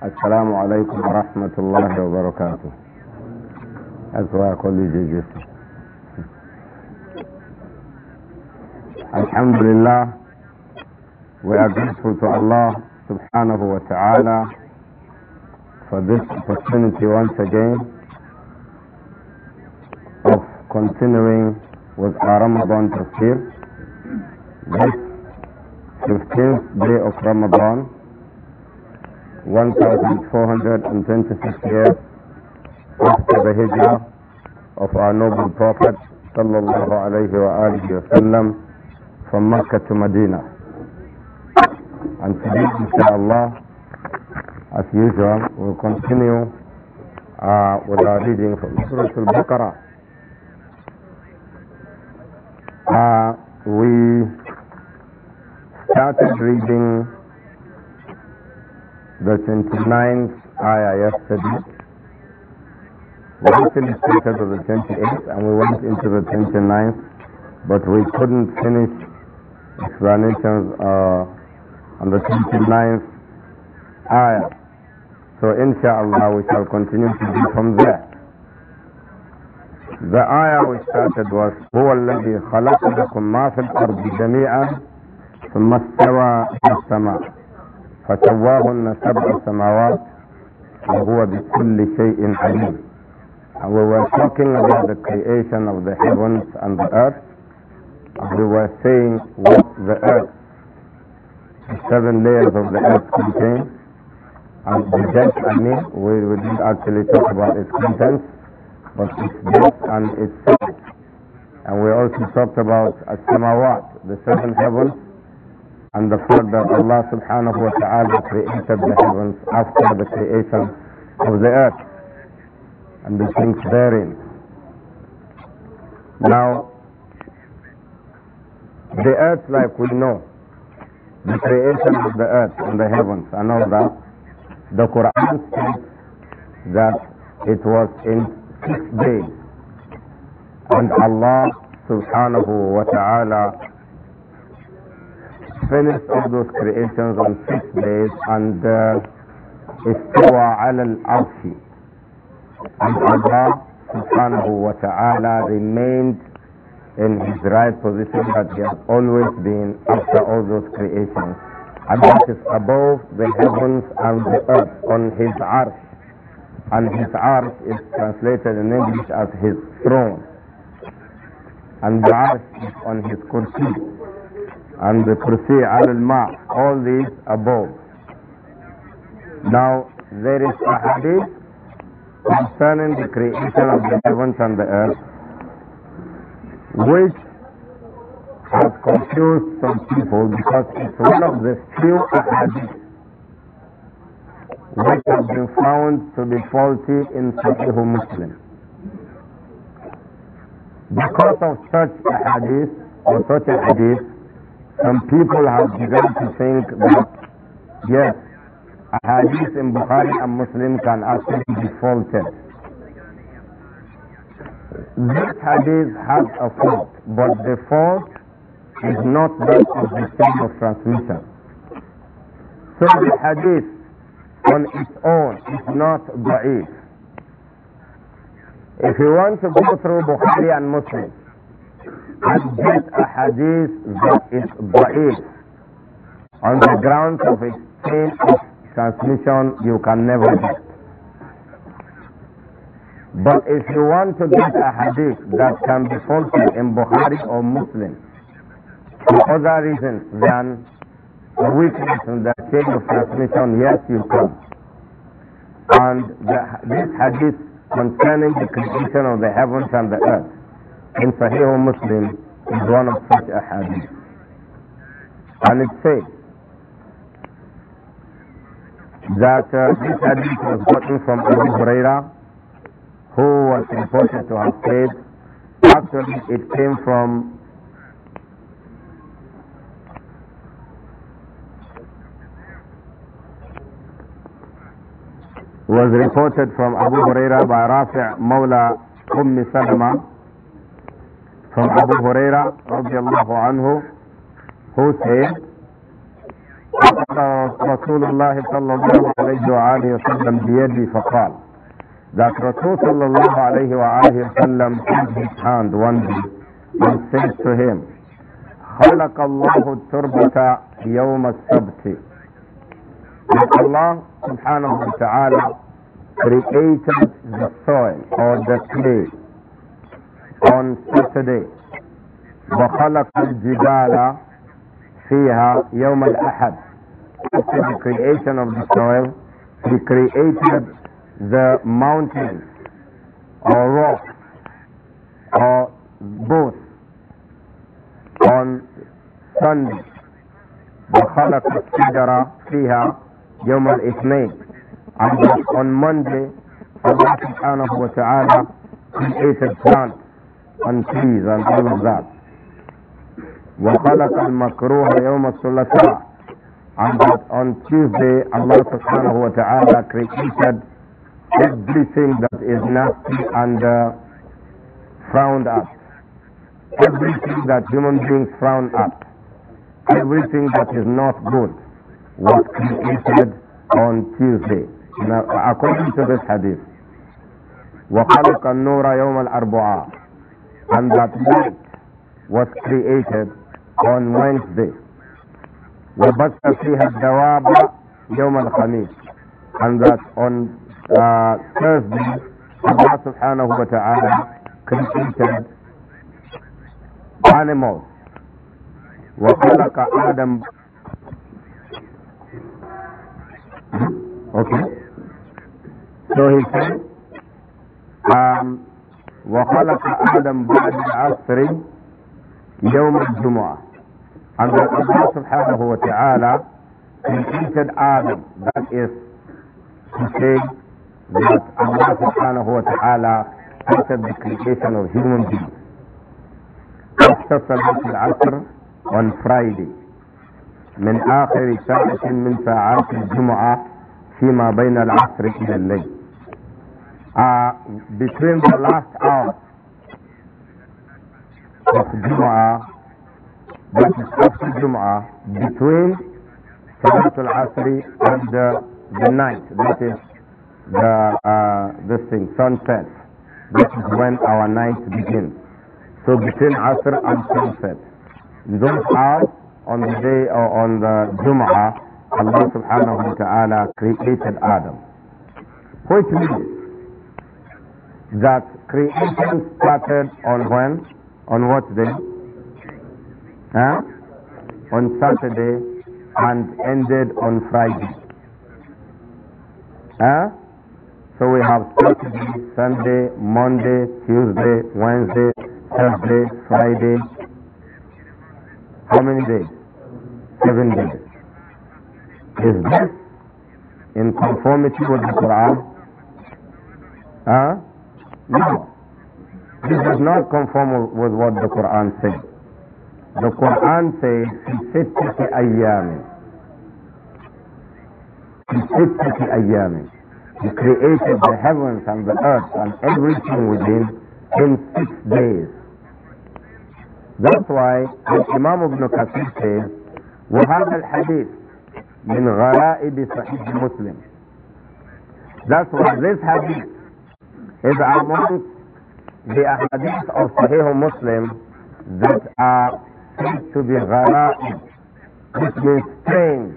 السلام عليكم ورحمة الله وبركاته أسوأ كل جزء الحمد لله are الله سبحانه وتعالى for this opportunity once again of continuing with our Ramadan tafsir. This 15th day of Ramadan, 1426 years after the Hijrah of our noble Prophet sallallahu alayhi wa sallam from Mecca to Medina. And today, inshallah, as usual, we'll continue uh, with our reading from Surah Al-Baqarah. Uh, we started reading the 29th ayah yesterday. We finished started of the 28th and we went into the 29th, but we couldn't finish explanations uh, on the 29th ayah. So inshallah we shall continue to do from there. The ayah we started was هو الذي خلق لكم ما في الأرض جميعا ثم استوى إلى السماء فسواهن سبع سماوات وهو بكل شيء عليم we were talking about the creation of the heavens and the earth we were saying what the earth the seven layers of the earth contain and the depth I mean we, we didn't actually talk about its contents but its depth and its size and we also talked about as-samawat the seven heavens and the fact that Allah subhanahu wa ta'ala created the heavens after the creation of the earth and the things therein. Now, the earth like we know, the creation of the earth and the heavens and all that, the Quran says that it was in six days and Allah subhanahu wa ta'ala finished all those creations on six days and استوى على العرش and Allah subhanahu wa ta'ala remained in his right position that he has always been after all those creations and that is above the heavens and the earth on his arsh and his arsh is translated in English as his throne and the arsh is on his kursi and the kursi al-ma, all these above. Now, there is a hadith concerning the creation of the heavens and the earth, which has confused some people because it's one of the few hadiths which have been found to be faulty in Sahih Muslim. Because of such a hadith or such a hadith, some people have begun to think that yes, hadith in Bukhari and Muslim can actually be faulted. This hadith has a fault, but the fault is not that of the chain of transmission. So the hadith on its own is not da'if. If you want to go through Bukhari and Muslim, and get a hadith that is da'if on the grounds of its chain of transmission you can never get. But if you want to get a hadith that can be faulty in Bukhari or Muslim for other reasons than the weakness in the chain of transmission, yes you can. And the, this hadith concerning the creation of the heavens and the earth in Sahih Muslim is one of such a hadith. And it says that uh, this hadith was gotten from Abu Huraira, who was reported to have said, actually it came from was reported from Abu Huraira by Rafi' Mawla Umm Salama from Abu Huraira radiallahu anhu who said رسول الله صلى الله عليه وآله وسلم بيدي فقال that Rasul صلى الله عليه وآله وسلم took his hand one day and said to him خلق الله التربة يوم السبت that Allah subhanahu wa ta'ala created the soil or the clay on Saturday وخلق الجبال فيها يوم الأحد after the creation of the soil he created the mountains or rocks or both on Sunday وخلق الشجرة فيها يوم الاثنين and on Monday Allah subhanahu wa ta'ala created plants and trees and all of that. وَخَلَقَ الْمَكْرُوهَ يَوْمَ الثُّلَثَاءِ And that on Tuesday, Allah subhanahu wa ta'ala created everything that is nasty and uh, frowned at. Everything that human beings frown at. Everything that is not good was created on Tuesday. Now, according to this hadith, وَخَلَقَ النُّورَ يَوْمَ الْأَرْبُعَاءِ and that night was created on Wednesday. وبث فيها الدواب يوم الخميس and that on uh, Thursday Allah subhanahu wa ta'ala created animals وخلق آدم hmm? okay so he said um, وخلق آدم بعد العصر يوم الجمعة عند الله سبحانه وتعالى انتد آدم that is to say that Allah سبحانه وتعالى انتد the creation of human beings after صلاة العصر on Friday من آخر ساعة من ساعات الجمعة فيما بين العصر إلى الليل uh, between the last hour of Jumu'ah, that is after Jumu'ah, between Salatul Asri and the, the night, that is the, uh, this thing, sunset. That is when our night begins. So between Asr and sunset. Those hours on the day or on the Jumu'ah, Allah subhanahu wa ta'ala created Adam. Which means that creation started on when? On what day? Huh? On Saturday and ended on Friday. Huh? So we have Saturday, Sunday, Monday, Tuesday, Wednesday, Thursday, Friday. How many days? Seven days. Is this in conformity with the Quran? Huh? No. This does not conform with what the Quran says. The Quran says, في ستة He created the heavens and the earth and everything within in six days. That's why Imam Ibn Kathir says, وهذا الحديث من غرائب صحيح مسلم. That's why this hadith is among the hadiths of Sahih Muslim that are said to be ghara'ib, which means strange.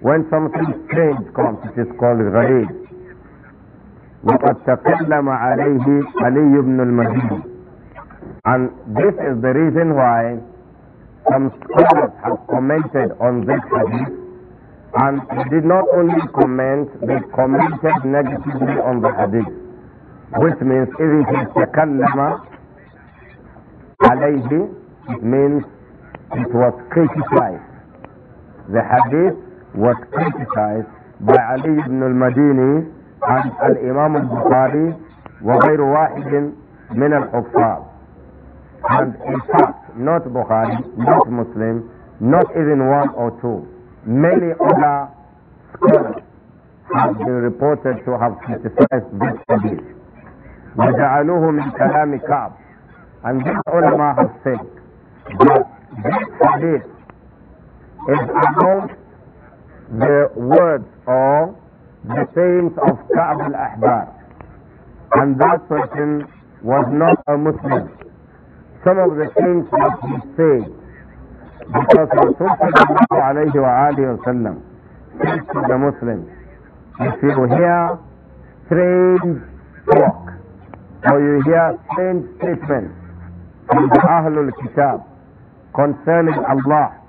When something strange comes, it is called gharib. وقد تكلم عليه علي بن المديني and this is the reason why some scholars have commented on this hadith and did not only comment, they commented negatively on the hadith which means everything إذ تكلم عليه it means it was criticized the hadith was criticized by Ali ibn al-Madini and imam al-Bukhari وغير واحد من الحفاظ and in fact not Bukhari not Muslim not even one or two many other scholars have been reported to have criticized this hadith وجعلوه من كلام كعب عندنا علماء حسين this hadith is about the words or the sayings of Ka'b al-Ahbar and that person was not a Muslim some of the things that he said because Rasulullah alayhi wa alayhi wa sallam said to the Muslims if you hear strange talk So you hear same statement from the Ahlul Kitab concerning Allah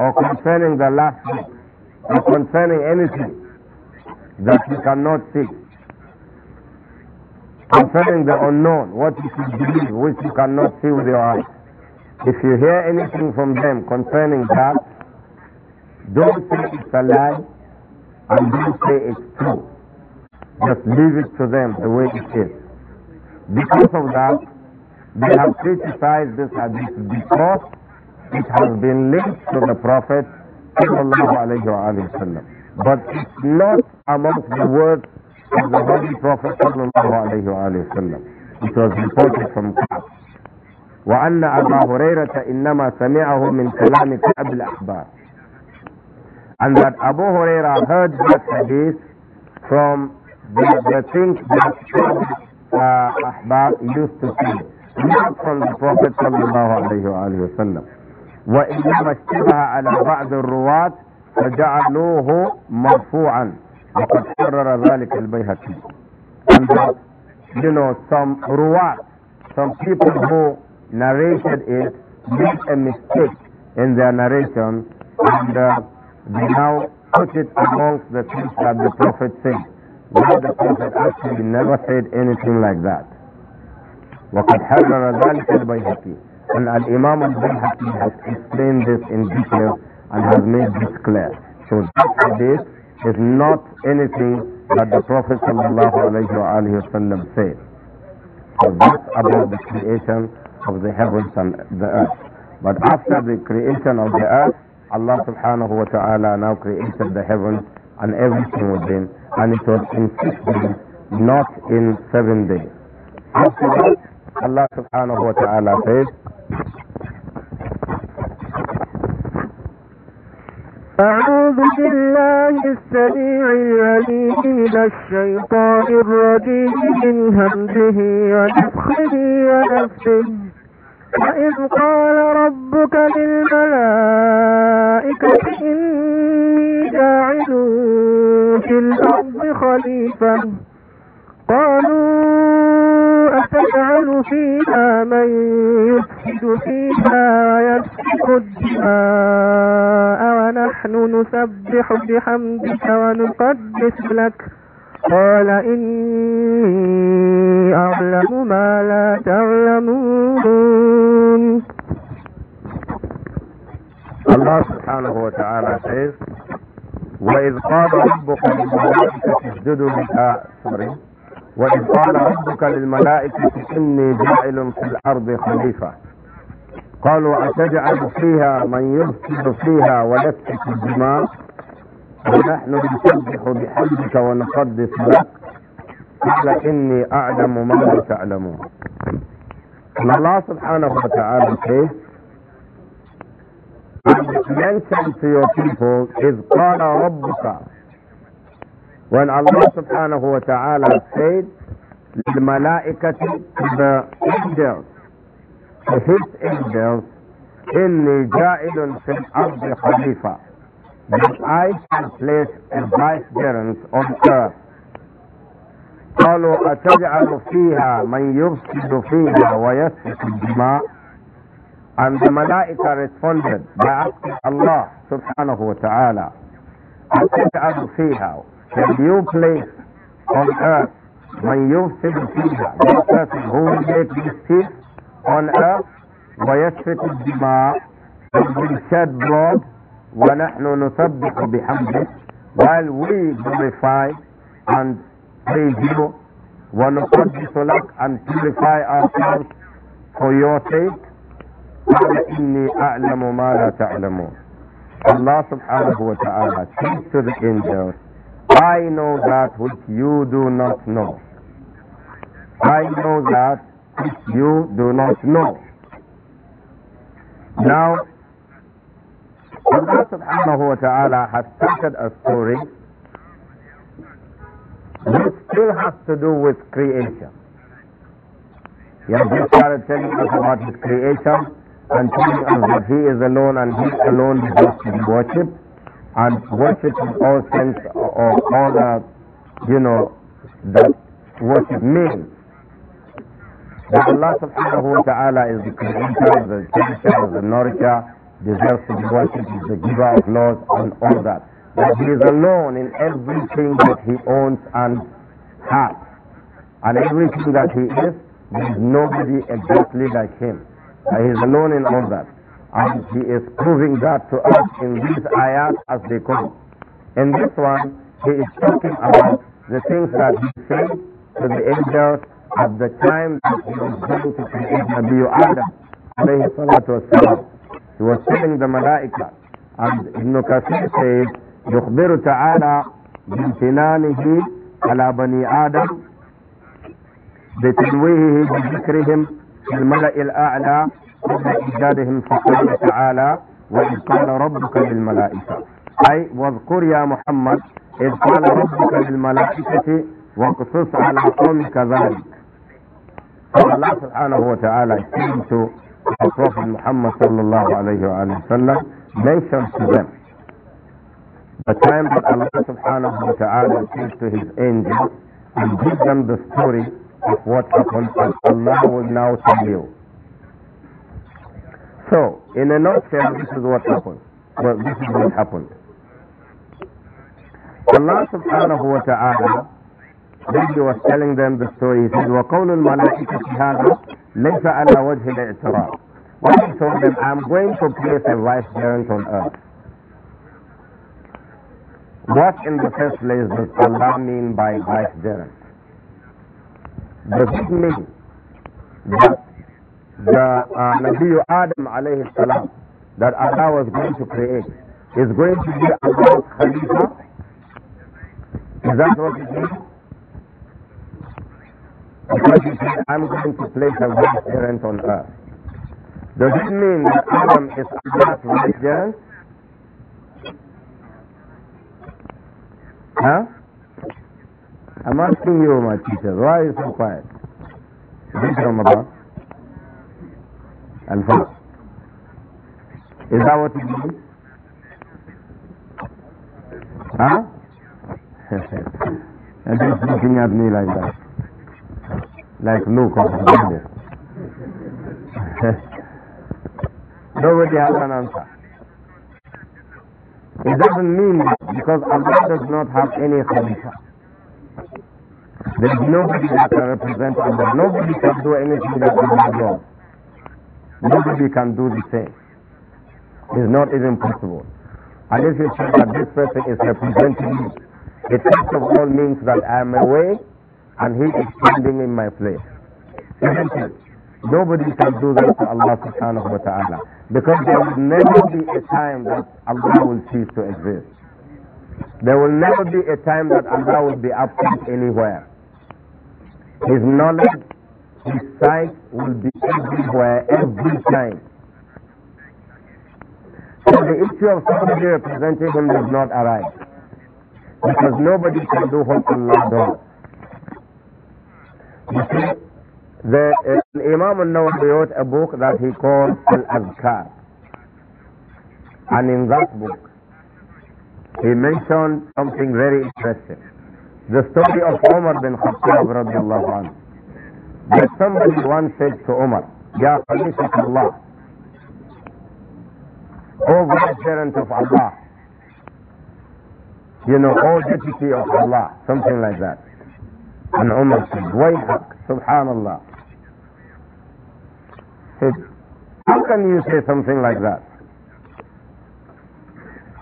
or concerning the last day or concerning anything that you cannot see. Concerning the unknown, what you should believe, which you cannot see with your eyes. If you hear anything from them concerning that, don't say it's a lie and don't say it's true. Just leave it to them the way it is. Because of that, they have criticized this hadith because it has been linked to the Prophet وسلم. But it's not amongst the words of the Holy Prophet وسلم. It was reported from Ka'b. وأن أبا هريرة إنما سمعه من كلام كعب الأحبار and that Abu Huraira heard that hadith from the, the things that Ahbab used to say, not from the Prophet sallallahu alayhi wa sallam. وإنما اشتبه على بعض الرواة فجعلوه مرفوعا وقد حرر ذلك البيهقي. And that, you know, some ruwat, some people who narrated it made a mistake in their narration and uh, they now put it amongst the things that the Prophet said the Prophet actually never said anything like that. وقد حرر ذلك البيهقي and Al-Imam al-Bayhaqi has explained this in detail and has made this clear. So this hadith is not anything that the Prophet ﷺ said. So that's about the creation of the heavens and the earth. But after the creation of the earth, Allah subhanahu wa ta'ala now created the heavens and everything within and it was in six days, not in seven days. After that, Allah subhanahu wa ta'ala says, أعوذ بالله السميع العليم من الشيطان الرجيم من همزه ونفخه ونفسه وإذ قال ربك للملائكة إني جاعل في الأرض خليفة قالوا أتجعل فيها من يفسد فيها ويسفك الدماء ونحن نسبح بحمدك ونقدس لك قال إني أعلم ما لا تعلمون الله سبحانه وتعالى says وإذ قال ربك للملائكة اسجدوا سوري وإذ قال ربك للملائكة إني جاعل في الأرض خليفة قالوا أتجعل فيها من يفسد فيها ويفسد الدماء ونحن نسبح بحمدك ونقدس لك قال إني أعلم ما لا تعلمون الله سبحانه وتعالى says mention to your people is قال ربك when Allah subhanahu wa ta'ala said للملائكة the angels to his angels إني جائل في الأرض خليفة that I shall place a vicegerent on earth. قالوا أتجعل فيها من يفسد فيها ويسفك الدماء And the Malaika responded by asking Allah subhanahu wa ta'ala, أتجعل فيها Shall you place on earth من يفسد فيها That person who will make mischief on earth ويسفك الدماء and will shed blood ونحن نسبح بحمده while we glorify and praise you ونقدس لك and purify ourselves for your sake قال إني أعلم ما لا تعلمون الله سبحانه وتعالى ta'ala to the angels, I know that which you do not know. I know that which you do not know. Now, Allah subhanahu wa ta'ala has started a story which still has to do with creation. Yes, have just started telling us about his creation and telling us that he is alone and he alone deserves to be worshipped and worship in all sense of all that, you know, that worship means. That Allah subhanahu wa ta'ala is the creator, the cherisher, the nourisher, deserves to be worshipped, is the giver of laws and all that. That he is alone in everything that he owns and has. And everything that he is, there is nobody exactly like him. He is alone in all that. And he is proving that to us in these ayat as they come. In this one, he is talking about the things that he said to the angels at the time that he was going to create Nabi Adam. He was telling the Malaika. And Ibn Kathir says, يخبر تعالى بامتنانه على بني آدم بتنويهه بذكرهم في الملأ الأعلى قبل إيجادهم سبحانه وتعالى وإذ قال ربك للملائكة أي واذكر يا محمد إذ قال ربك للملائكة واقصص على قومك ذلك فالله سبحانه وتعالى يقول of Prophet Muhammad الله عليه wa sallam mentions to them the time that Allah subhanahu wa ta'ala says to his angels and gives them the story of what happened and Allah will now tell you. So, in a nutshell, this is what happened. Well, this is what happened. Allah subhanahu wa ta'ala, when he was telling them the story, he said, وَقَوْلُ الْمَلَائِكَةِ هَذَا ليس على وجه الاعتراض when he told them I'm going to place a vicegerent on earth what in the first place does Allah mean by vicegerent does it mean that the uh, Nabi Adam alayhi salam that Allah was going to create is going to be Allah's Khalifa is that what it means because he said, I'm going to place a white parent on earth. Does it mean that Adam is Allah's right parent? Huh? I'm asking you, my teacher, why are you so quiet? Is Ramadan, And Is that what you mean? Huh? and he's looking at me like that like Luke or Daniel. Nobody has an answer. It doesn't mean because Allah does not have any Khalifa. There is nobody that can represent Allah. Nobody can do anything that Allah does. Nobody can do the same. It's not even possible. And if you say that this person is representing me, it first of all means that I am away and He is standing in my place. Isn't it? Nobody can do that to Allah subhanahu wa ta'ala. Because there will never be a time that Allah will cease to exist. There will never be a time that Allah will be absent anywhere. His knowledge, His sight will be everywhere, every time. So the issue of somebody representing Him does not arise. Because nobody can do what Allah does the, uh, Imam al-Nawawi wrote a book that he called Al-Azkar. And in that book, he mentioned something very interesting. The story of Umar bin Khattab radiallahu anhu. That somebody once said to Umar, Ya Khalifat Allah, O Vicegerent of Allah, you know, O Deputy of Allah, something like that. عن almost الفيل Subhanallah. سبحان الله said how can you say something like that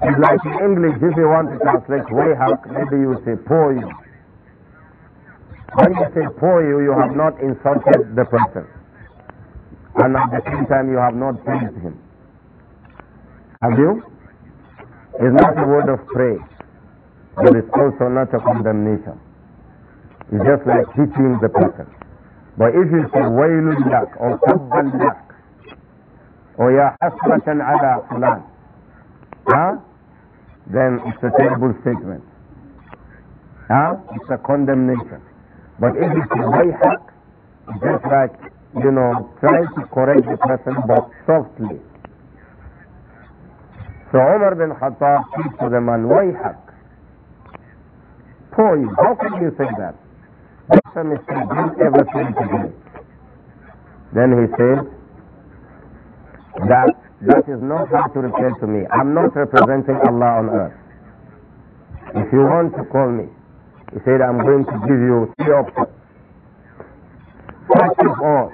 it's like in English if you want to translate ويحك maybe you say poor you when you say poor you you have not insulted the person and at the same time you have not pleased him have you it's not a word of praise but it's also not a condemnation it's just like hitting the person. But if you say waylun lak or tabban lak or ya hasratan ala fulan, huh? then it's a terrible statement. Huh? It's a condemnation. But if it's wayhak, it's just like, you know, try to correct the person but softly. So Umar bin Khattab said to the man, wayhak. Poor how can you say that? Some is everything to him. Then he said, that, that is not how to refer to me. I'm not representing Allah on earth. If you want to call me, he said, I'm going to give you three options. First of all,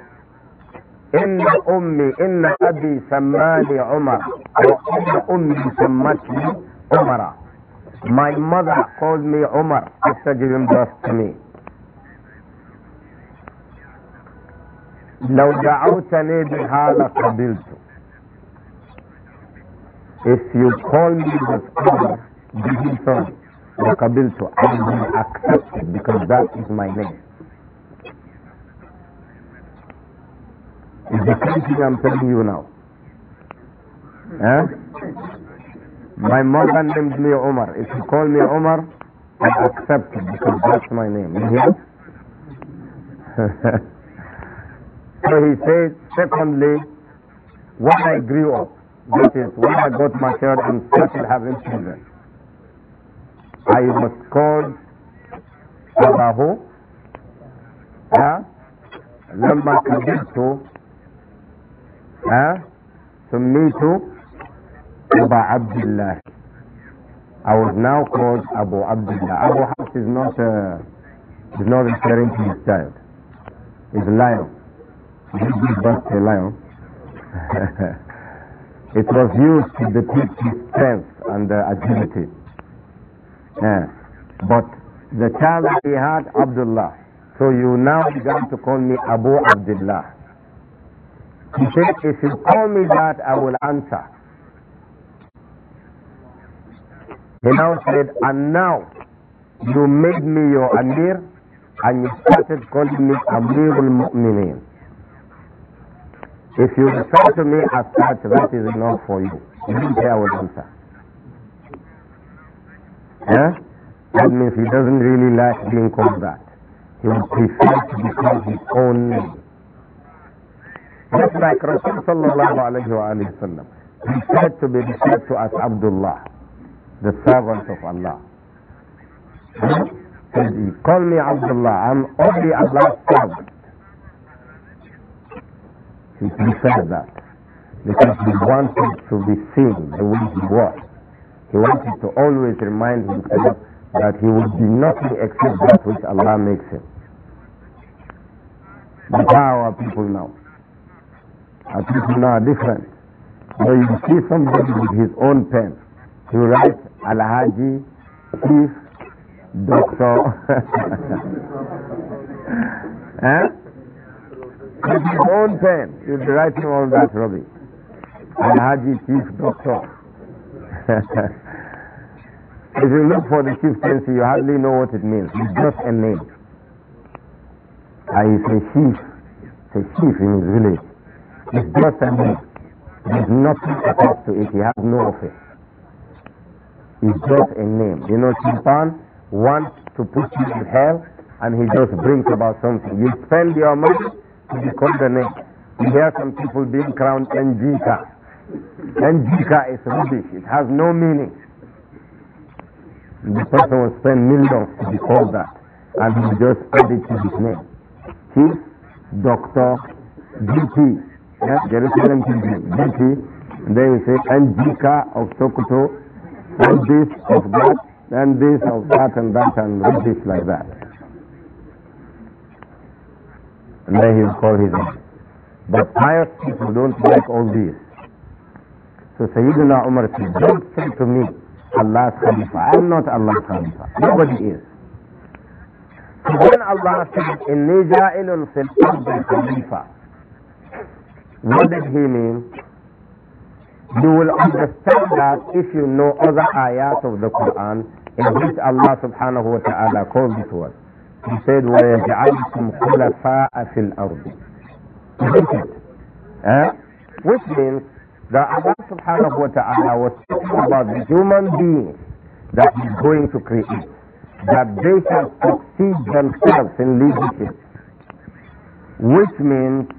إن Inna Abi أبي سماني عمر Inna أمي سمتني عمر My mother called me Umar after giving birth to me. لو دعوتني if you call me with honor giving son I will accept it because that is my name It's the same thing I'm telling you now eh? my mother named me Omar if you call me Omar I accept it because that's my name you hear So he says, secondly, when I grew up, that is, when I got matured and started having children, I was called Abahu. Huh? لما كبرت Abu سميت أبا I was now called Abu Abdullah. Abu Habs is not uh, is not referring to his child. He's lion you give birth to a lion. it was used to depict his strength and uh, agility. Yeah. But the child he had, Abdullah. So you now began to call me Abu Abdullah. He said, if you call me that, I will answer. He now said, and now you made me your Amir and you started calling me Amirul Mu'mineen. If you refer to me as such, that is enough for you. Even there will answer. Yeah, That means he doesn't really like being called that. He would prefer to be called his own name. Just like Rasul sallallahu alayhi wa sallam, he said to be referred to as Abdullah, the servant of Allah. He called call me Abdullah, I'm only Allah's servant. He preferred that because he wanted to be seen the way he was. He wanted to always remind himself that he would be nothing except that which Allah makes him. But how are people now? Our people now are different. So you see somebody with his own pen, he writes Haji, Chief, Doctor. eh? With his own pen, he'll be writing all that rubbish. And Haji Chief Doctor. if you look for the Chief chieftaincy, you hardly know what it means. It's just a name. And it's a chief. a chief in his village. It's just a name. There's nothing attached to it. He has no office. It's just a name. You know, Chimpan wants to put you in hell and he just brings about something. You spend your money to be called a name. You hear some people being crowned Njika. Njika is rubbish. It has no meaning. The person will spend millions to be called that. And he just add it to his name. Chief, Doctor, D.P. Yeah, Jerusalem GP. GP. And then you say Njika of Sokoto, and this of that, and this of that and that and rubbish like that. and then he will call his own. But pious people don't like all these. So Sayyidina Umar said, don't say to me, Allah's Khalifa. I'm not Allah's Khalifa. Nobody is. So when Allah said, إِنِّي جَائِلٌ فِي الْأَرْضِ Khalifa, what did he mean? You will understand that if you know other ayat of the Quran in which Allah subhanahu wa ta'ala calls this one. He said, وَيَجْعَلْكُمْ خُلَفَاءَ فِي الْأَرْض eh? Which means that Allah subhanahu wa ta'ala was talking about the human beings that He's going to create. That they shall succeed themselves in leadership. Which means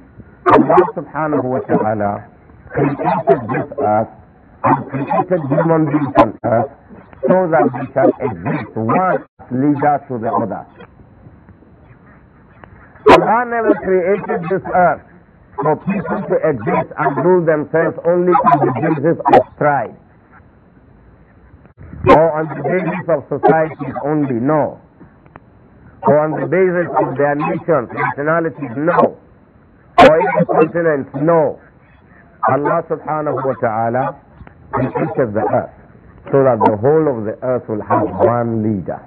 Allah subhanahu wa ta'ala created this earth and created human beings on earth so that we can exist one leader to the other. Allah never created this earth for people to exist and rule themselves only on the basis of pride or on the basis of societies only, no. Or on the basis of their nations, nationalities, no. Or even continents, no. Allah subhanahu wa ta'ala created the earth so that the whole of the earth will have one leader.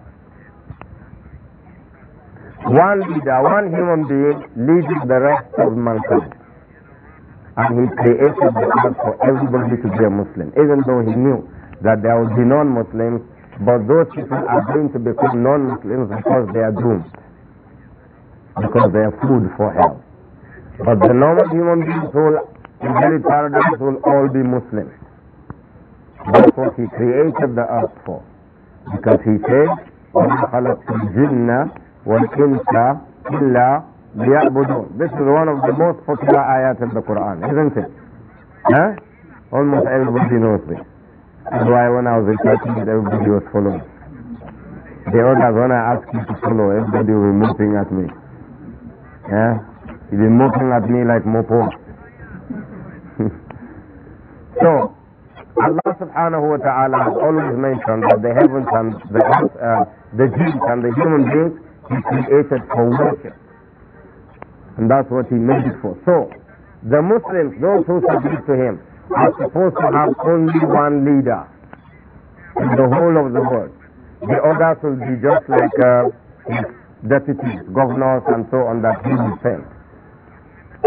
One leader, one human being leads the rest of mankind. And he created the earth for everybody to be a Muslim, even though he knew that there would be non-Muslims, but those people are going to become non-Muslims because they are doomed, because they are food for hell. But the normal human beings will inherit paradise will all be Muslims. That's what he created the earth for. Because he said, وَمَا خَلَقْتُ وَالْإِنْسَ إِلَّا لِيَعْبُدُونَ This is one of the most popular ayat in the Quran, isn't it? Huh? Almost everybody knows this. That's why when I was in Turkey, everybody was following. The others, when I asked you to follow, everybody was looking at me. Yeah? He was looking at me like mopo. so, Allah subhanahu wa ta'ala has always mentioned that the heavens and the earth, uh, the jinn and the human beings he created for worship. And that's what he made it for. So, the Muslims, those who submit to him, are supposed to have only one leader in the whole of the world. The others will be just like uh, deputies, governors, and so on that he will send.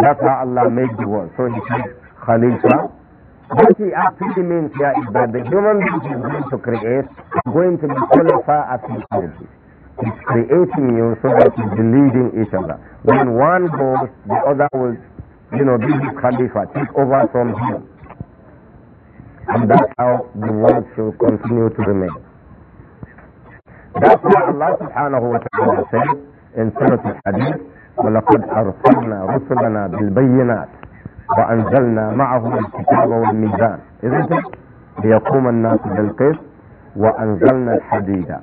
That's how Allah made the world. So he said, Khalifa. What he actually means here is that the human being is going to create is going to be qualified as equality. It's creating you so that you leading each other. When one goes, the other will, you know, be the Khalifa, take over from him. And that's how the world shall continue to remain. That's why Allah subhanahu wa ta'ala said in Surah Al-Hadith, وَلَقَدْ أَرْسَلْنَا رُسُلَنَا بِالْبَيِّنَاتِ وَأَنزَلْنَا مَعَهُمُ الْكِتَابَ وَالْمِيزَانَ Isn't it? لِيَقُومَ النَّاسُ بِالْقِسْطِ وَأَنزَلْنَا الْحَدِيدَ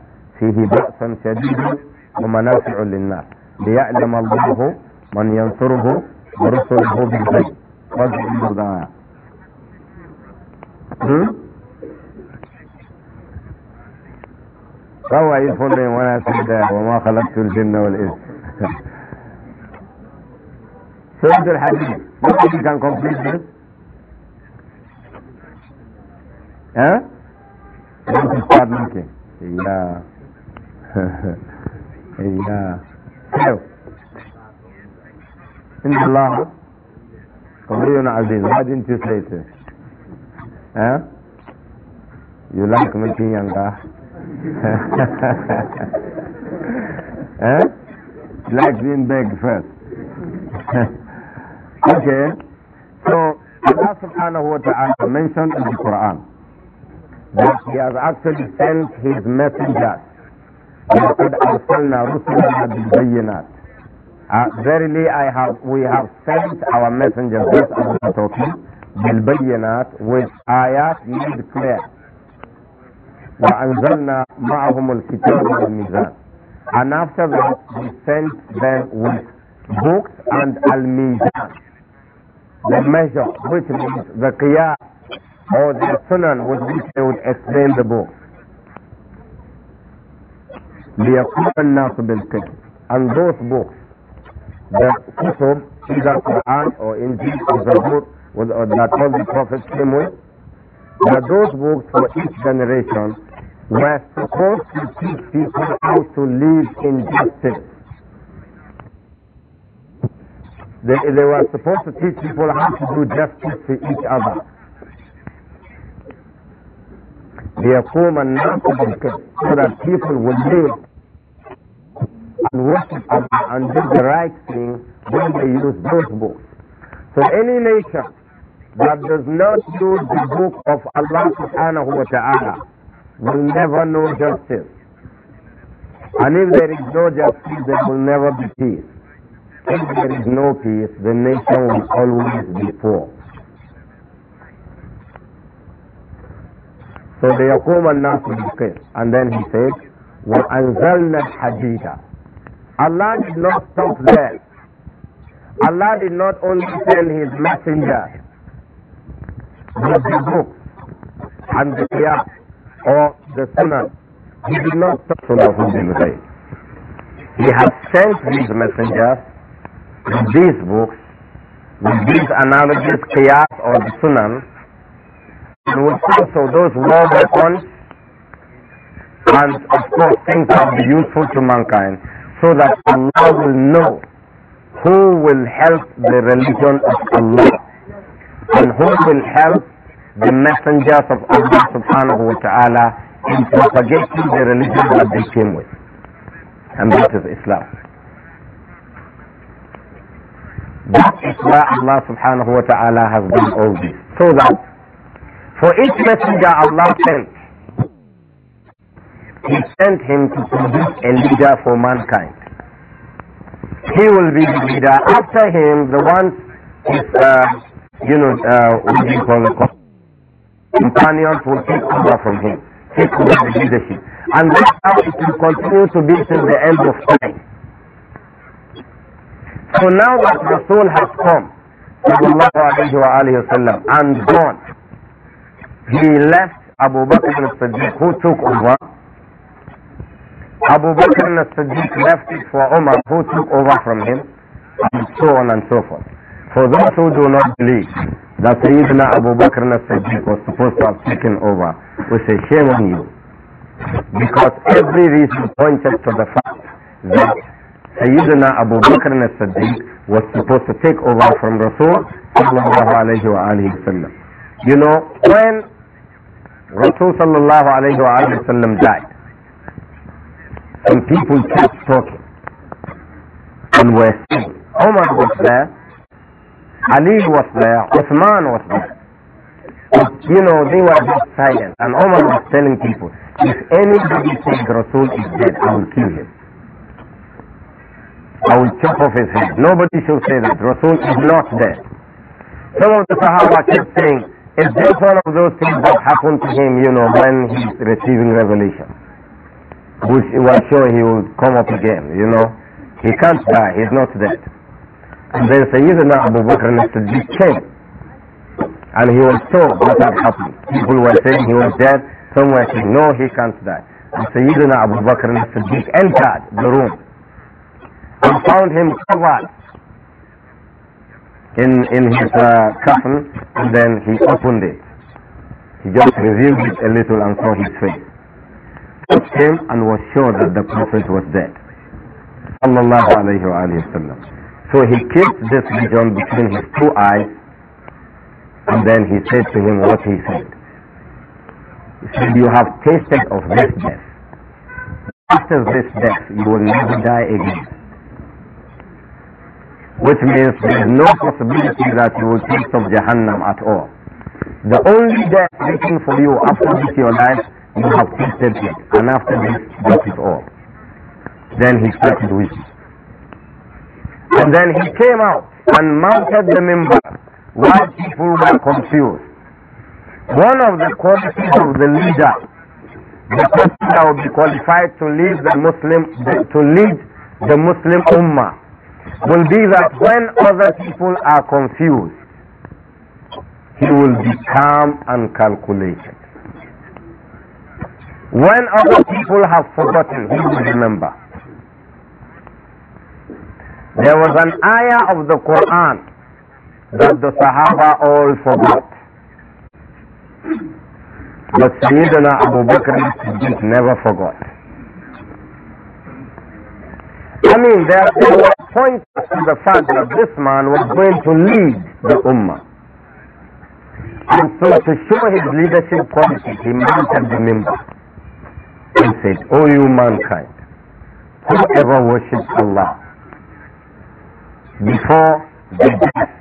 فيه بأسا شديدا ومنافع للناس ليعلم الله من ينصره ورسله بالغيب واجعل دعاء روى يدخل وانا سيدا وما خلقت الجن والانس سيد الحديث nobody كان complete this ها؟ Don't start يا Yeah. yeah. Hello. In Allah, Qawiyun Aziz, why didn't you say it? Huh? You like making younger? huh? Like being begged first. okay. So, Allah subhanahu wa ta'ala mentioned in the Quran that He has actually sent His messengers لقد أرسلنا رسلنا بالبينات uh, verily I have we have sent our messengers the بالبينات with آيات made clear وأنزلنا معهم الكتاب والميزان and after that we sent them with books and al-mizan the measure which means the qiyas or the sunan with which they would explain the book ليقوم الناس بالقسط and those books the kutub either Quran or Injil or Zabur uh, that all the prophets came with that those books for each generation were supposed to teach people how to live in justice they, they were supposed to teach people how to do justice to each other ليقوم الناس بالقسط so that people will live and worship and do the right thing when they use those books. So any nation that does not use the book of Allah subhanahu wa ta'ala will never know justice. And if there is no justice, there will never be peace. If there is no peace, the nation will always be poor. So the يقوم الناس بالقسط. And then he said, وَأَنزَلْنَا الْحَدِيدَ Allah did not stop there. Allah did not only send His messenger with the book and the Qiyam or the Sunnah. He did not stop Sunnah He has sent these messengers with these books, with these analogies, Qiyas or the Sunnah, al so those war weapons, and of course things that will be useful to mankind, so that Allah will know who will help the religion of Allah and who will help the messengers of Allah subhanahu wa ta'ala in propagating the religion that they came with. And that is Islam. That is why Allah subhanahu wa ta'ala has done all this. So that for each messenger Allah sent, He sent him to produce a leader for mankind. He will be the leader. After him, the ones his, uh, you know, uh, what do you call it? Companions will take over from him, take over the leadership. And that's how it will continue to be till the end of time. So now that Rasul has come, sallallahu alayhi wa alayhi wa sallam, and gone, he left Abu Bakr al-Siddiq. Who took over? Abu Bakr al-Siddiq left it for Umar. Who took over from him? And so on and so forth. For those who do not believe that Sayyidina Abu Bakr al-Siddiq was supposed to have taken over, we say shame on you. Because every reason pointed to the fact that Sayyidina Abu Bakr al-Siddiq was supposed to take over from Rasul sallallahu alayhi wa you know, when Rasul alayhi died, some people kept talking and were saying, Omar was there, Ali was there, Osman was there. But, you know, they were just silent. And Omar was telling people, if anybody says Rasul is dead, I will kill him. I will chop off his head. Nobody should say that. Rasul is not dead. Some of the Sahaba kept saying, is this one of those things that happened to him, you know, when he's receiving revelation? Which was sure he would come up again, you know. He can't die, he's not dead. And then Sayyidina Abu Bakr al-Siddiq came. And he was told what had happened. People were saying he was dead. Some were saying, no, he can't die. And Sayyidina Abu Bakr al-Siddiq entered the room and found him covered in, in his uh, coffin and then he opened it. He just revealed it a little and saw his face. Touched him and was sure that the Prophet was dead. Sallallahu alayhi wa sallam. So he kept this vision between his two eyes and then he said to him what he said. He said, you have tasted of this death. After this death, you will never die again which means there is no possibility that you will taste of Jahannam at all. The only death waiting for you after this your life, you have tasted it, and after this, that is all. Then he started weeping. And then he came out and mounted the member while people were confused. One of the qualities of the leader, the person that will be qualified to lead the Muslim, to lead the Muslim Ummah, will be that when other people are confused, he will be calm and calculated. When other people have forgotten, he will remember. There was an ayah of the Quran that the Sahaba all forgot. But Sayyidina Abu Bakr never forgot. I mean, there was point to the fact that this man was going to lead the Ummah. And so to show his leadership qualities, he mounted the member and said, O you mankind, whoever worships Allah before the death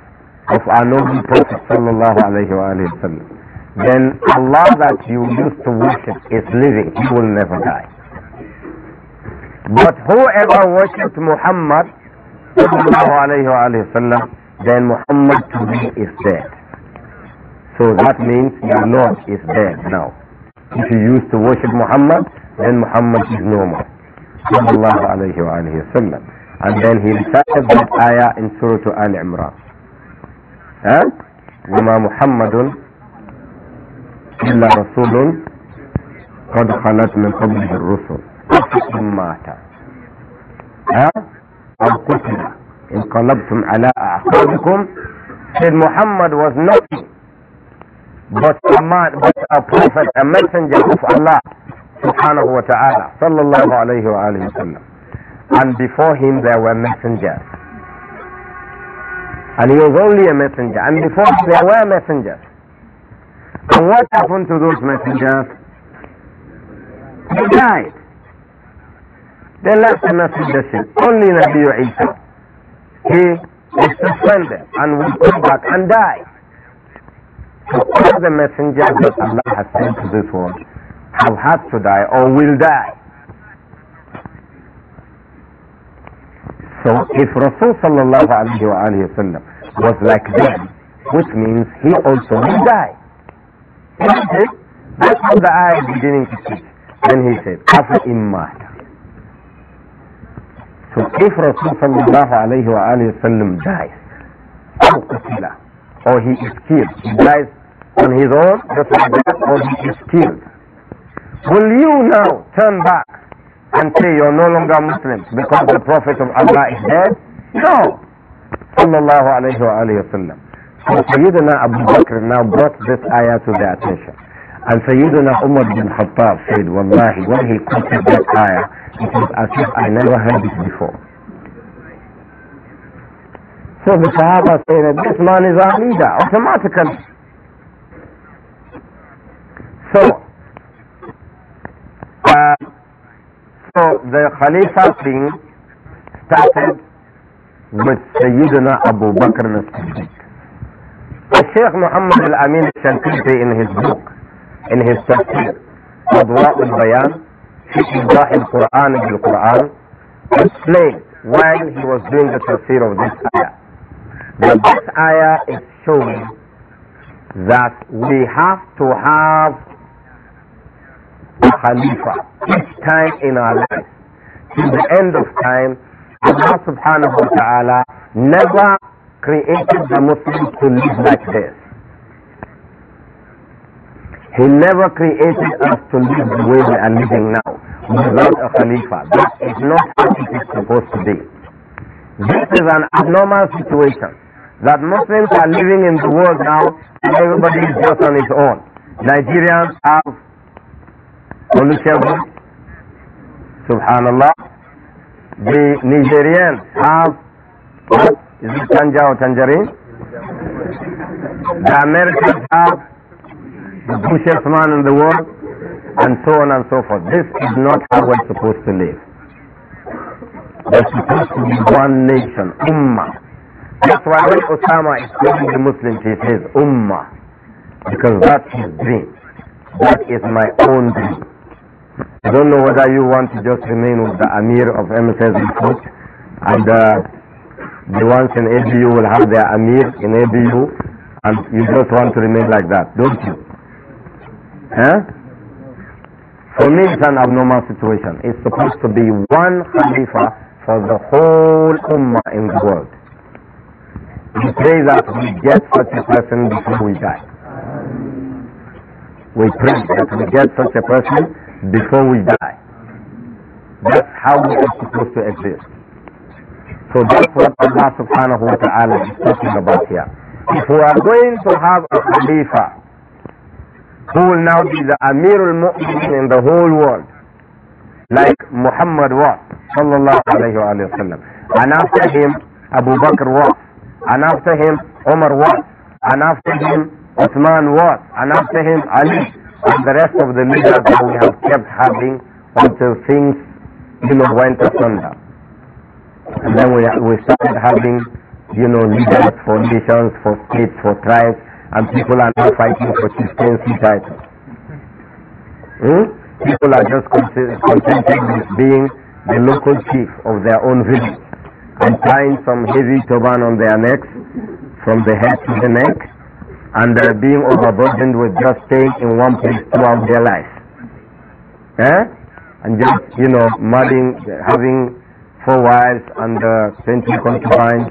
of our noble Prophet sallallahu alayhi wa then Allah that you used to worship is living. He will never die. But whoever worships Muhammad sallallahu alayhi wa sallam, then Muhammad to me is dead. So that means your Lord is dead now. If you used to worship Muhammad, then Muhammad is no more. Sallallahu alayhi wa sallam. And then he recited that ayah in Surah Al-Imran. Huh? وما محمد إلا رسول قد خلت من قبله الرسل أنفسكم مات ها أو قتل انقلبتم على أعصابكم said Muhammad was nothing but a man, but a prophet, a messenger of Allah سبحانه وتعالى. ta'ala sallallahu alayhi wa alayhi And before him there were messengers. And he was only a messenger. And before him there were messengers. And what happened to those messengers? They died. They left in a suggestion. Only Nabi Isa. He is suspended and will come back and die. So all the messengers that Allah has sent to this world have had to die or will die. So if Rasul sallallahu alayhi wa was like them, which means he also will die. That's what the is beginning to teach. Then he said, Afa immat. So if Rasul sallallahu alayhi wa alayhi dies, or he is killed, he dies on his own, just like that, or he is killed, will you now turn back and say you're no longer Muslims because the Prophet of Allah is dead? No! Sallallahu alayhi wa alayhi wasallam. So Sayyidina Abu Bakr now brought this ayah to the attention. And Sayyidina Umar bin Khattab said, Wallahi, when he quoted that ayah, it was as if I never heard it before. So the Sahaba said, this man is our leader, automatically. So, uh, so the Khalifa thing started with Sayyidina Abu Bakr as-Siddiq. Sheikh Muhammad al-Amin al-Shankiti in his book, in his tafsir Adwa al-Bayan fi Idah al-Quran the quran explained while he was doing the tafsir of this ayah that this ayah is showing that we have to have a Khalifa each time in our life till the end of time Allah subhanahu wa ta'ala never created the Muslims to live like this he never created us to live the way we are living now without a Khalifa. That is not how it is supposed to be. This is an abnormal situation that Muslims are living in the world now and everybody is just on his own. Nigerians have Olusegun, subhanallah. The Nigerians have, what is it Tanja or Tangerine? The Americans have the richest man in the world, and so on and so forth. This is not how we're supposed to live. We're supposed to be one nation, ummah. That's why when Osama is telling the Muslims, he says ummah, because that's his dream. That is my own dream. I don't know whether you want to just remain with the Amir of MSS Report and uh, the ones in ABU will have their Amir in ABU and you just want to remain like that, don't you? Huh? For me, it's an abnormal situation. It's supposed to be one Khalifa for the whole Ummah in the world. We pray that we get such a person before we die. We pray that we get such a person before we die. That's how we are supposed to exist. So that's what Allah subhanahu wa ta'ala is talking about here. If we are going to have a Khalifa, who will now be the Amirul Mu'min in the whole world. Like Muhammad was, sallallahu alayhi wa sallam. And after him, Abu Bakr was. And after him, Umar was. And after him, Uthman was. And after him, Ali. And the rest of the leaders that we have kept having until things, you know, went asunder. And then we, we started having, you know, leaders for nations, for states, for tribes, and people are now fighting for chieftaincy titles. Hmm? People are just contented with being the local chief of their own village and tying some heavy turban on their necks from the head to the neck and being overburdened with just staying in one place throughout their life. Eh? And just, you know, marrying, having four wives and uh, 20 concubines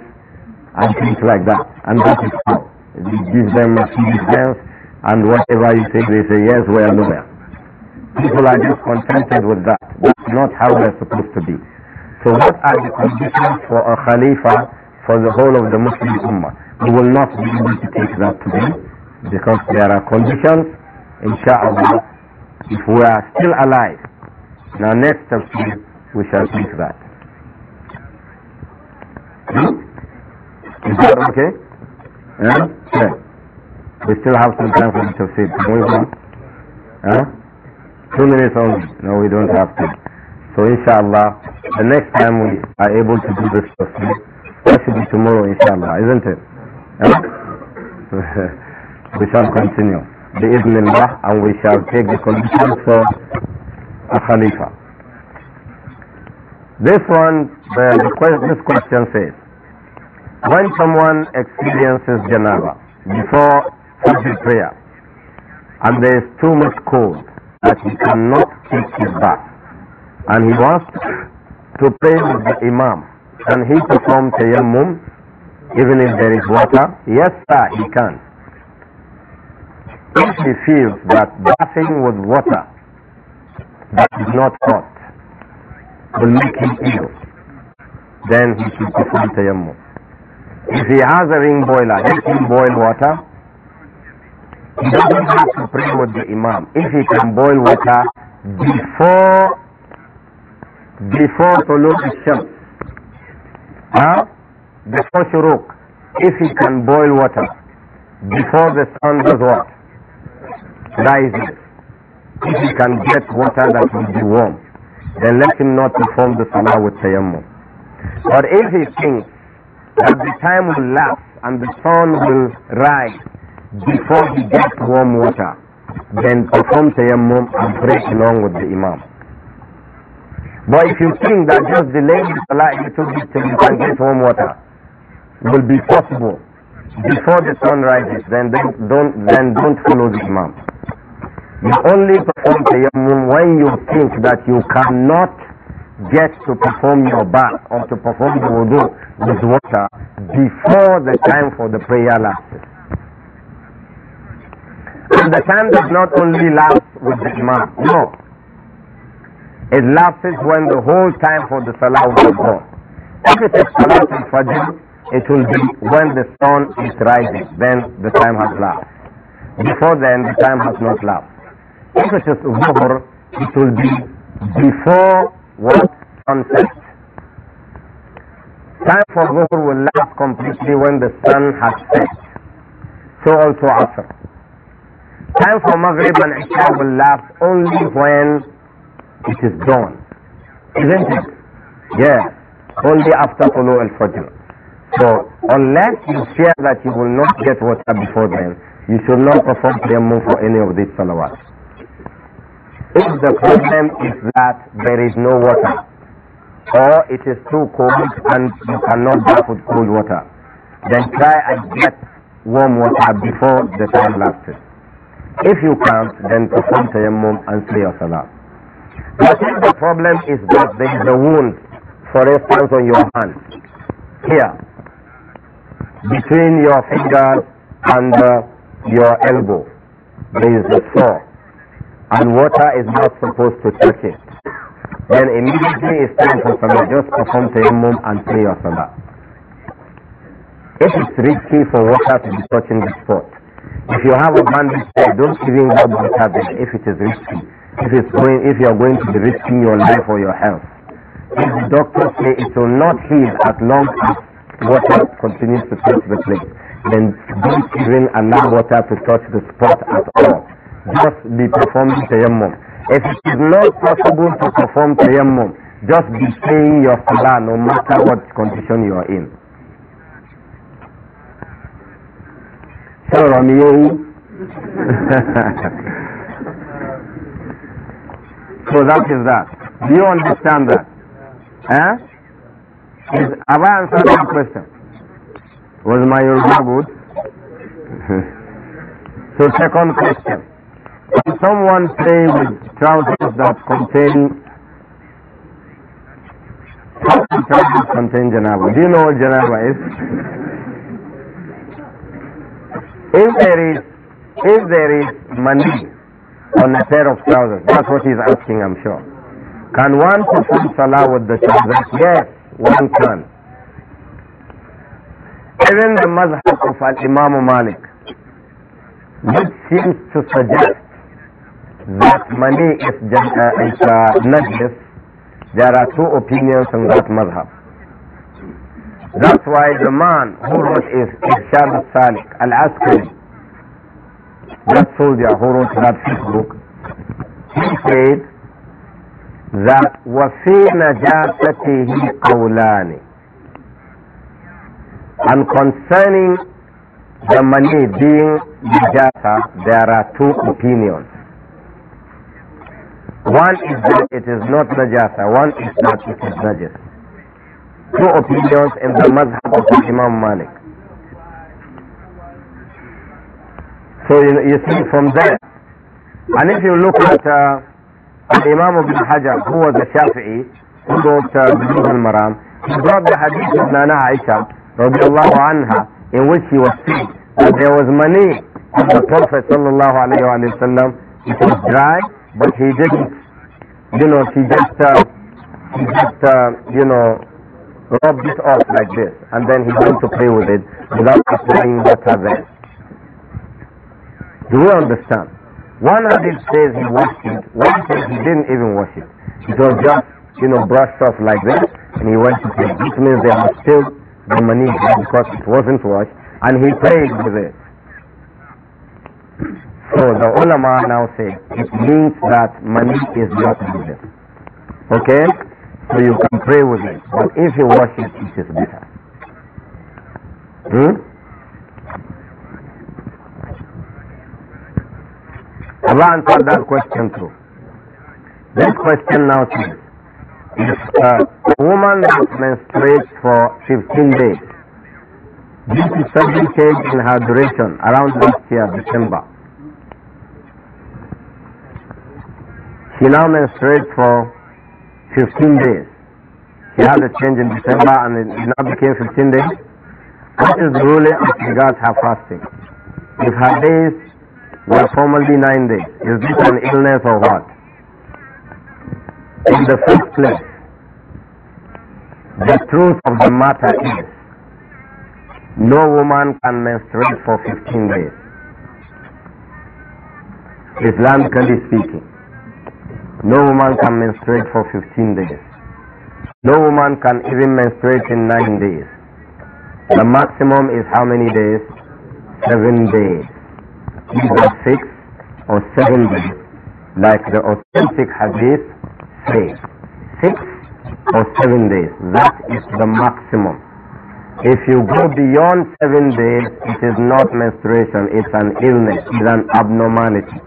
and things like that. And that is all give them a few and whatever you say, they say, yes, we are nowhere. People are just contented with that. That's not how they're supposed to be. So what are the conditions for a Khalifa for the whole of the Muslim Ummah? We will not be able to take that today because there are conditions. Inshallah, if we are still alive, in our next time we shall take that. Hmm? Is that okay? Yeah? We still have some time for the tafsir. Can we want? Yeah? Two minutes only. No, we don't have to. So inshallah, the next time we are able to do this tafsir, that should be tomorrow inshallah, isn't it? Yeah? we shall continue. Bi-Iznillah, and we shall take the conditions for a Khalifa. This one, the, this question says, when someone experiences janaba before Fajr prayer and there is too much cold that he cannot take his bath and he wants to pray with the imam can he perform tayammum even if there is water yes sir he can if he feels that bathing with water that is not hot will make him ill then he should perform tayammum if he has a ring boiler, let him boil water. He doesn't have to pray with the Imam. If he can boil water before before Tuluk Shams, huh? before Shuruk, if he can boil water before the sun does what? Rises. If he can get water that will be warm, then let him not perform the salah with tayammum. But if he thinks that the time will lapse and the sun will rise before he gets warm water, then perform tayammum and pray along with the imam. But if you think that just delaying the salah a little bit till you can get warm water will be possible before the sun rises, then, then don't then don't follow the imam. You only perform tayammum when you think that you cannot get to perform your bath or to perform the wudu with water before the time for the prayer lasts. And the time does not only last with the imam, no. It lasts when the whole time for the salah will go. If it is salah and fajr, it will be when the sun is rising, then the time has lasted. Before then, the time has not lasted. If it is zuhr, it will be before what sunset. Time for Dhuhr will last completely when the sun has set. So also Asr. Time for Maghrib and Isha will last only when it is dawn. Isn't it? Yes. Only after Tulu al-Fajr. So unless you fear that you will not get water before then, you should not perform prayer for any of these salawats. If the problem is that there is no water, or it is too cold and you cannot bath with cold water, then try and get warm water before the time lapses. If you can't, then perform tayammum and say your salah. But if the problem is that there is a wound, for instance, on your hand, here, between your fingers and uh, your elbow, there is a sore and water is not supposed to touch it, then immediately it's time for salah. Just perform tayammum and pray your salah. It is risky for water to be touching the spot. If you have a bandage there, don't even go water there if it is risky. If it's going, if you are going to be risking your life or your health. If the doctors say it will not heal as long as water continues to touch the place, then don't even allow water to touch the spot at all just be performing tayammum. If it is not possible to perform tayammum, just be saying your salah no matter what condition you are in. So Ramiyei. so that is that. Do you understand that? Eh? Is, have I answered your question? Was my Yoruba good? so second question. Can someone say with trousers that contain trousers contain janaba? Do you know what janaba is? if there is if there is money on a pair of trousers, that's what he's asking, I'm sure. Can one perform salah with the trousers? Yes, one can. Even the mother of an imam Malik, which seems to suggest that money is, uh, is uh, najis, there are two opinions on that madhab. That's why the man who wrote is Irshad al-Salik, al-Askari, that soldier who wrote that book, he said that وَفِي نَجَاسَتِهِ قَوْلَانِ And concerning the money being najasa, there are two opinions. One is that it is not najasa, one is that it is najis. Two opinions in the madhab of Imam Malik. So you, you see from there, and if you look at uh, Imam Ibn Hajar, who was a Shafi'i, who wrote uh, Bulughul Maram, he brought the hadith of Nana Aisha, radiallahu anha, in which he was saying that there was money on the Prophet sallallahu alayhi wa sallam, it was dry but he didn't, you know, He just, uh, he just, uh, you know, rubbed it off like this, and then he went to play with it without applying water there. Do you understand? One hadith says he washed it, one says he didn't even wash it. It was just, you know, brushed off like this, and he went to play. This means there was still the money because it wasn't washed, and he played with it. So the ulama now say it means that money is not needed. Okay? So you can pray with it. But if you wash it, it is better. Hmm? Allah answered that question too. This question now says, if a woman that menstruates for 15 days, due she suddenly change in her duration around last year, December, She now menstruated for 15 days. She had a change in December and it now became 15 days. What is the ruling as regards her fasting? If her days were formerly 9 days, is this an illness or what? In the first place, the truth of the matter is no woman can menstruate for 15 days, Islamically speaking. No woman can menstruate for 15 days. No woman can even menstruate in 9 days. The maximum is how many days? 7 days. Either 6 or 7 days, like the authentic hadith says. 6 or 7 days. That is the maximum. If you go beyond 7 days, it is not menstruation, it's an illness, it's an abnormality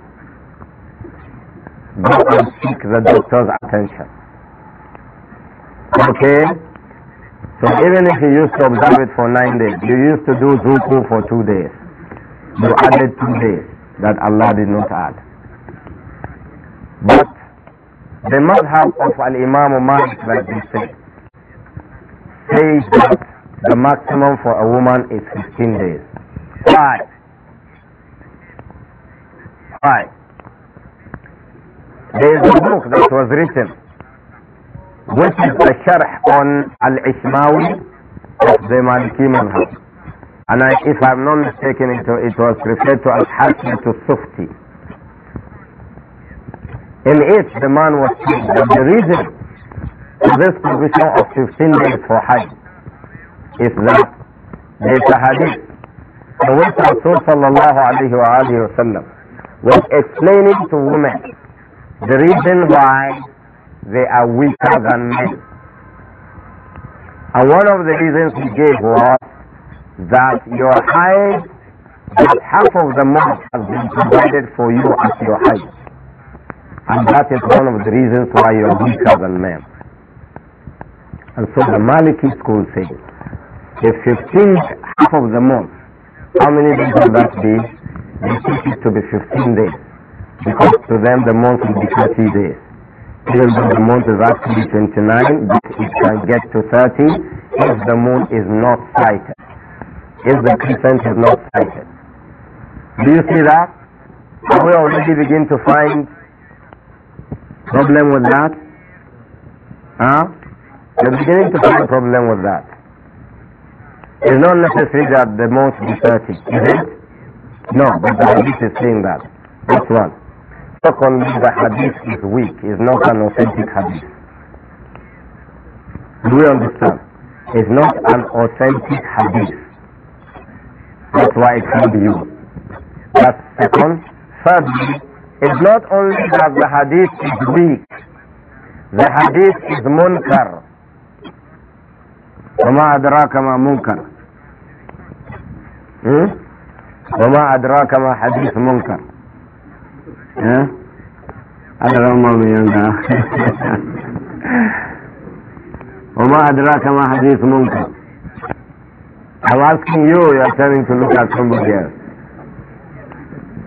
go and seek the doctor's attention. Okay? So even if you used to observe it for nine days, you used to do zuku for two days. You added two days that Allah did not add. But the madhab of Al-Imam Malik, like they say, says that the maximum for a woman is 15 days. Why? Why? There is a book that was written which is the sharh on Al-Ishmawi of the Maliki Madhab. And I, if I'm not mistaken, it, it was referred to as hasan to Sufti. In it, the man was saying the reason for this provision of 15 days for Hajj is that there is a hadith The which Rasul sallallahu alayhi wa was explaining to women the reason why they are weaker than men. And one of the reasons he gave was that your height, that half of the month has been provided for you as your height. And that is one of the reasons why you are weaker than men. And so the Maliki school says, the 15th half of the month, how many days will that be? They take it to be 15 days because to them the month will be 30 days. Even though the month is actually 29, but it can get to 30 if the moon is not sighted, if the crescent is not sighted. Do you see that? We already begin to find problem with that. Huh? You're beginning to find problem with that. It's not necessary that the month be 30, is it? No, but the hadith is saying that. That's one. Secondly, the hadith is weak, is not an authentic hadith. Do you understand? It's not an authentic hadith. That's why it can be used. That's second. Thirdly, it's not only that the hadith is weak, the hadith is munkar. وما أدراك ما منكر وما أدراك ما حديث منكر Eh? أدرى ما بيننا وما أدراك ما حديث منكر I'm asking you, you are turning to look at somebody else.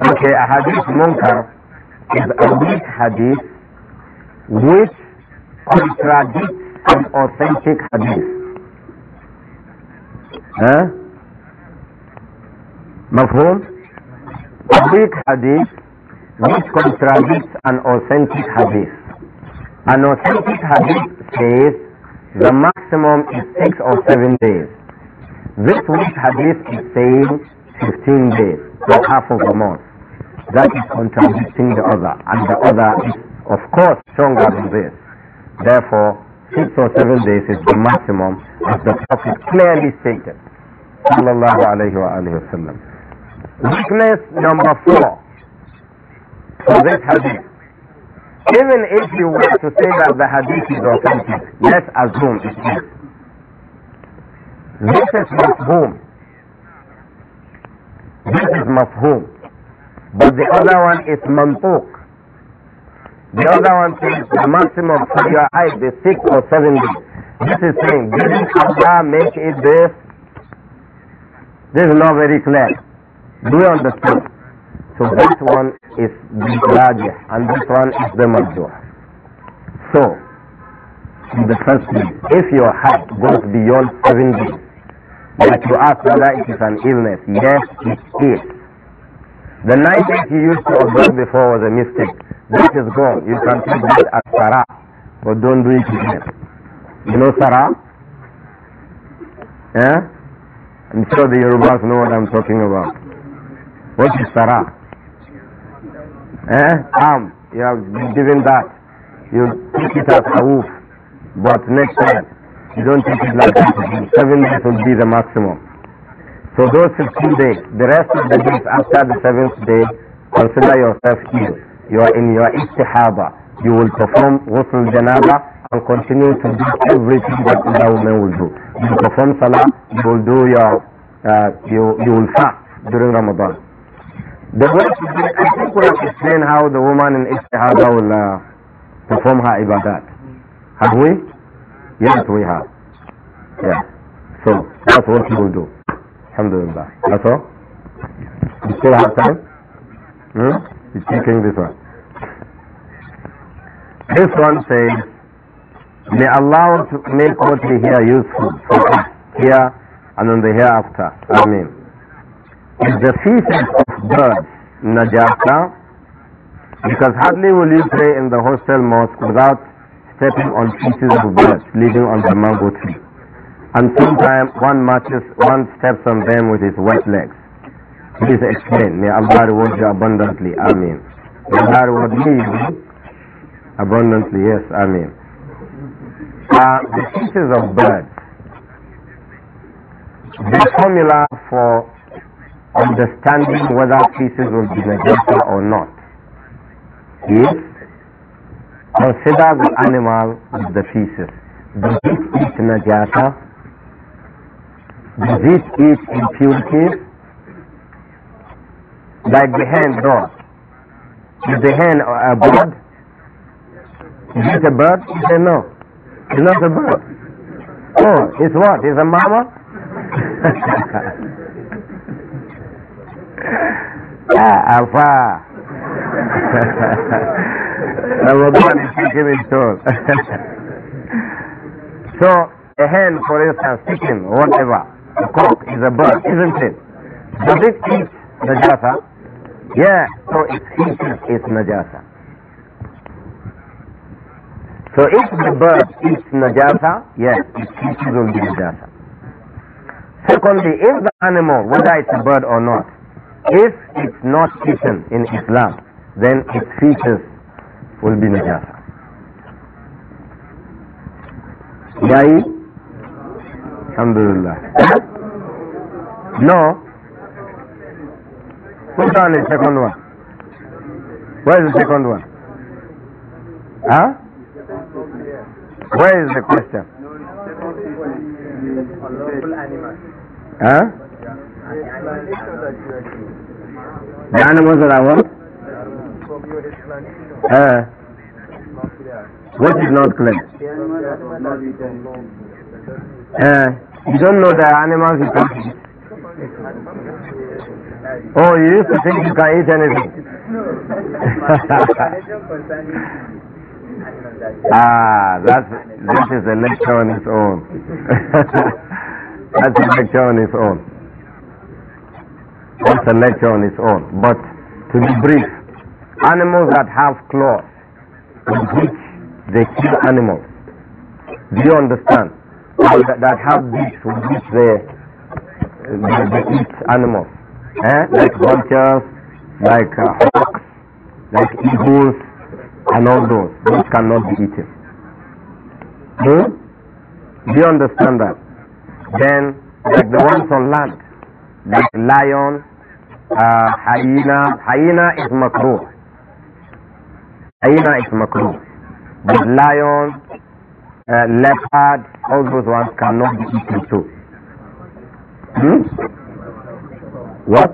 Okay, a hadith munkar is a weak hadith which contradicts an authentic hadith. Huh? مفهوم؟ A weak hadith which contradicts an authentic hadith. An authentic hadith says the maximum is six or seven days. This week hadith is saying 15 days, or half of a month. That is contradicting the other, and the other is of course stronger than this. Therefore, six or seven days is the maximum, as the Prophet clearly stated. Sallallahu alayhi wa Weakness number four for this hadith. Even if you were to say that the hadith is authentic, let's assume it is. This is mafhum. This is mafhum. But the other one is mantuk. The other one says the maximum for your height is six or seven days. This is saying, didn't Allah make it this? This is not very clear. Do you understand? So that one is the rajih and this one is the major. So, in the first place, if your heart goes beyond seven days, you ask whether it is an illness, yes, it is. The night you used to observe before was a mistake. is gone. You can take it as sarah, but don't do it again. You know sarah? Eh? Yeah? I'm sure the Yorubas know what I'm talking about. What is Sarah? Eh? You have given that. You take it as a hawuf. But next time, you don't take it like that. Seven days will be the maximum. So those 15 days, the rest of the days after the seventh day, consider yourself ill. You are in your istihaba. You will perform ghusl janaba and continue to do everything that other women will do. You perform salah, you will do your, uh, you, you will fast during Ramadan. The I think we have explained how the woman in Istihada will uh, perform her ibadat. Have we? Yes, we have. Yeah. So, that's what we will do. Alhamdulillah. That's all? You still have time? Hmm? You're taking this one. This one says, May Allah make what we hear useful for us here and on the hereafter. Amen the feces of birds najasa because hardly will you pray in the hostel mosque without stepping on feces of birds living on the mango tree. And sometimes one marches, one steps on them with his wet legs. Please explain. May Allah reward you abundantly. Amen. May Allah reward me abundantly. Yes, Amen. Uh, the feces of birds. The formula for understanding whether feces will be najasa or not is consider the animal with the feces. Does it eat najasa? Does it eat impurities? Like the hen does. Is the hen a bird? Is it a bird? He said no. It's not a bird. Oh, it's what? It's a mama? Ah, afar. Ramadan is taking its toll. so, a hen, for instance, chicken, whatever, a cock is a bird, isn't it? Does it eat najasa? Yeah, so it eats its najasa. So if the bird eats najasa, yes, it eats the najasa. Secondly, if the animal, whether it's a bird or not, if it's not eaten in Islam, then its features will be najasa. Yai, Alhamdulillah. No? Put on the second one. Where is the second one? Huh? Where is the question? Huh? The animals that I what? Uh, what is not clear? Uh, you don't know the animals Oh, you used to think you can eat anything. ah, that's, is a lecture on its own. that's a lecture on its own. That's a lecture on its own. But to be brief, animals that have claws with which they kill animals. Do you understand? That, that have beaks with which they, they, they eat animals. Eh? Like vultures, like uh, hawks, like eagles, and all those. Those cannot be eaten. Hmm? Do you understand that? Then, like the ones on land, like lion, uh, hyena. Hyena is makruh. Hyena is makruh. But lion, uh, leopard, all those ones cannot be eaten too. Hmm? What?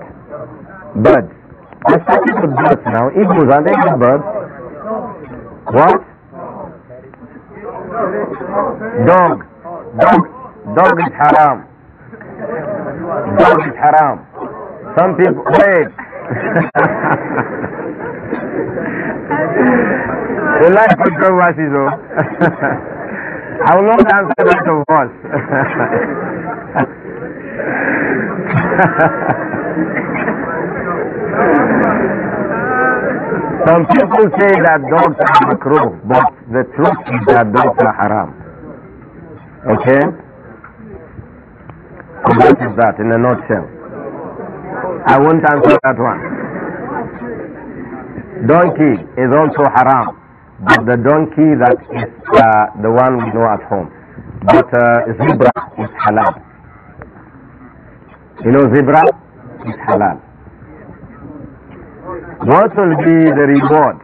Birds. I started with birds now. you are they birds? What? Dog. Dog. Dog is haram. Dog is haram. Some people wait. the life controversy though. I will not answer that of course. Some people say that dogs are makruh, but the truth is that dogs are haram. Okay? So that is that in a nutshell. I won't answer that one. Donkey is also haram, but the donkey that is uh, the one we know at home. But uh, zebra is halal. You know zebra is halal. What will be the reward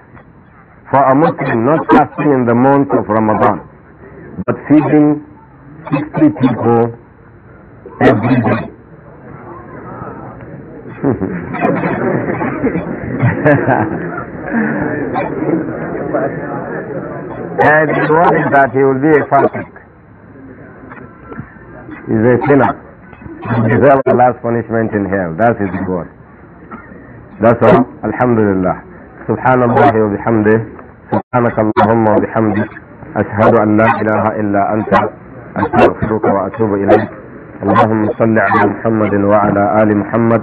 for a Muslim not fasting in the month of Ramadan, but feeding 60 people every day? and worried that he will be a fanatic, He's a sinner. He deserves the last punishment in hell. That is his That's all. Alhamdulillah. Subhanallah. الله وبحمده سبحانك اللهم وبحمدك أشهد أن لا إله إلا أنت أستغفرك وأتوب إليك اللهم صل على محمد وعلى آل محمد